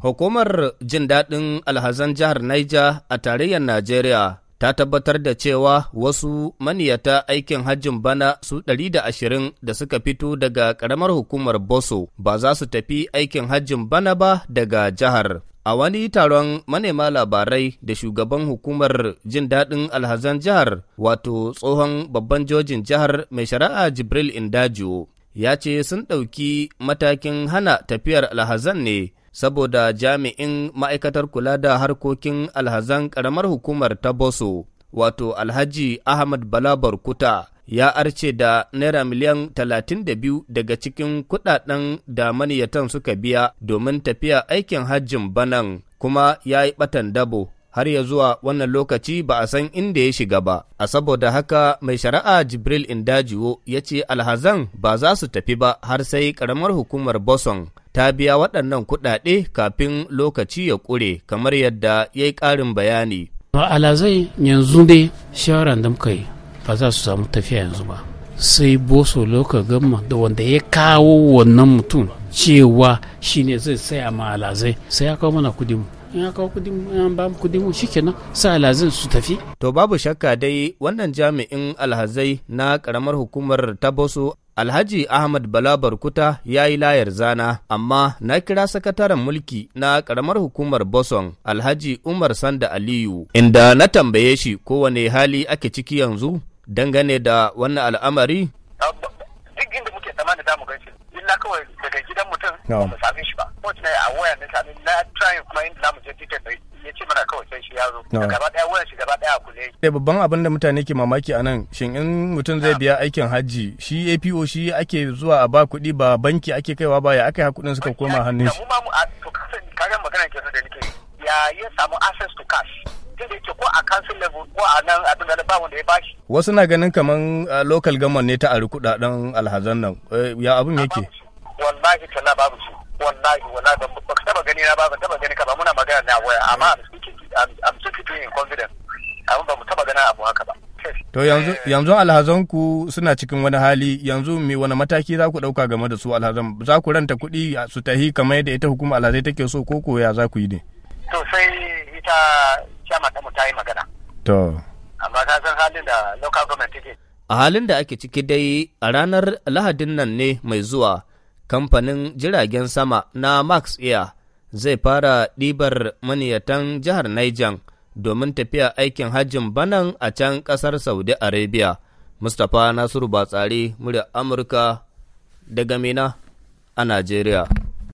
Hukumar jin daɗin alhazan jihar Niger a tarayyar Najeriya ta tabbatar da cewa wasu maniyata aikin hajjin bana su 120 da suka fito daga ƙaramar hukumar Boso ba za su tafi aikin hajjin bana ba daga jihar. A wani taron manema labarai da shugaban hukumar jin daɗin alhazan jihar wato tsohon babban jojin jihar mai shari'a Jibril Indajo ya ce sun ɗauki matakin hana tafiyar alhazan ne saboda jami'in ma'aikatar kula da harkokin alhazan ƙaramar hukumar ta Boso, wato Alhaji Ahmad Bala Barkuta, ya arce da Naira miliyan 32 daga cikin kuɗaɗen da maniyatan suka biya domin tafiya aikin hajjin banan kuma ya yi ɓatan dabo. har ya zuwa wannan lokaci ba a san inda ya shiga ba, a saboda haka mai shari'a Jibril Indajiwo ya ce alhazan ba za su tafi ba har sai ƙaramar hukumar Boson ta biya waɗannan kuɗaɗe kafin lokaci ya ƙure kamar yadda ya yi ƙarin bayani. alazai yanzu dai shawaran da muka yi ba za su samu tafiya yanzu ba sai boso loka gama da wanda ya kawo wannan mutum cewa shine zai saya ma alazai sai ya kawo mana kudi mu in kawo kudin ya ba mu kudin mu shikenan sai alazai su tafi to babu shakka dai wannan jami'in alhazai na karamar hukumar ta boso Alhaji Ahmad Bala Barkuta ya yi layar zana, amma na kira sakataren mulki na ƙaramar hukumar Boson Alhaji Umar Sanda Aliyu, inda na tambaye shi kowane hali ake ciki yanzu dangane da wannan al'amari. Duk inda muke tsammanin za mu gaishe, illa kawai daga gidan mutum ba mu same shi ba. Kuma tunai a waya na sami na trying kuma inda za mu je tiket wancan shi ya zo gaba daya shi gaba daya a shi eh babban abin da mutane ke mamaki anan shin in mutum zai biya aikin hajji shi APO shi ake zuwa a ba kuɗi ba banki ake kaiwa ba ya aka yi kuɗin suka koma hannun shi magana ke da nake ya ya samu access to cash ko a council level ko a nan abin da ba wanda ya bashi. Wasu na ganin kaman local government ne ta ari kudaden alhazan nan. Eh, ya abin yake? Wallahi talla babu shi. Wallahi wallahi ba ka taba gani na ba ba taba gani ka ba muna magana na waya amma confidence abin ba mu taba ganin abu haka ba to yanzu yanzu alhazan ku suna cikin wani hali yanzu me wani mataki za ku dauka game da su alhazan za ku ranta kuɗi su tahi kamar yadda ita hukuma alhazai take so ko ko ya za ku yi ne to sai ita jama ta mu ta yi magana to amma ka san halin da local government take a halin da ake ciki dai a ranar lahadin nan ne mai zuwa kamfanin jiragen sama na max air zai fara ɗibar maniyatan jihar Niger domin tafiya aikin hajjin banan a can ƙasar Saudi Arabia. Mustapha Nasiru Batsari, murya Amurka daga Mina a Najeriya.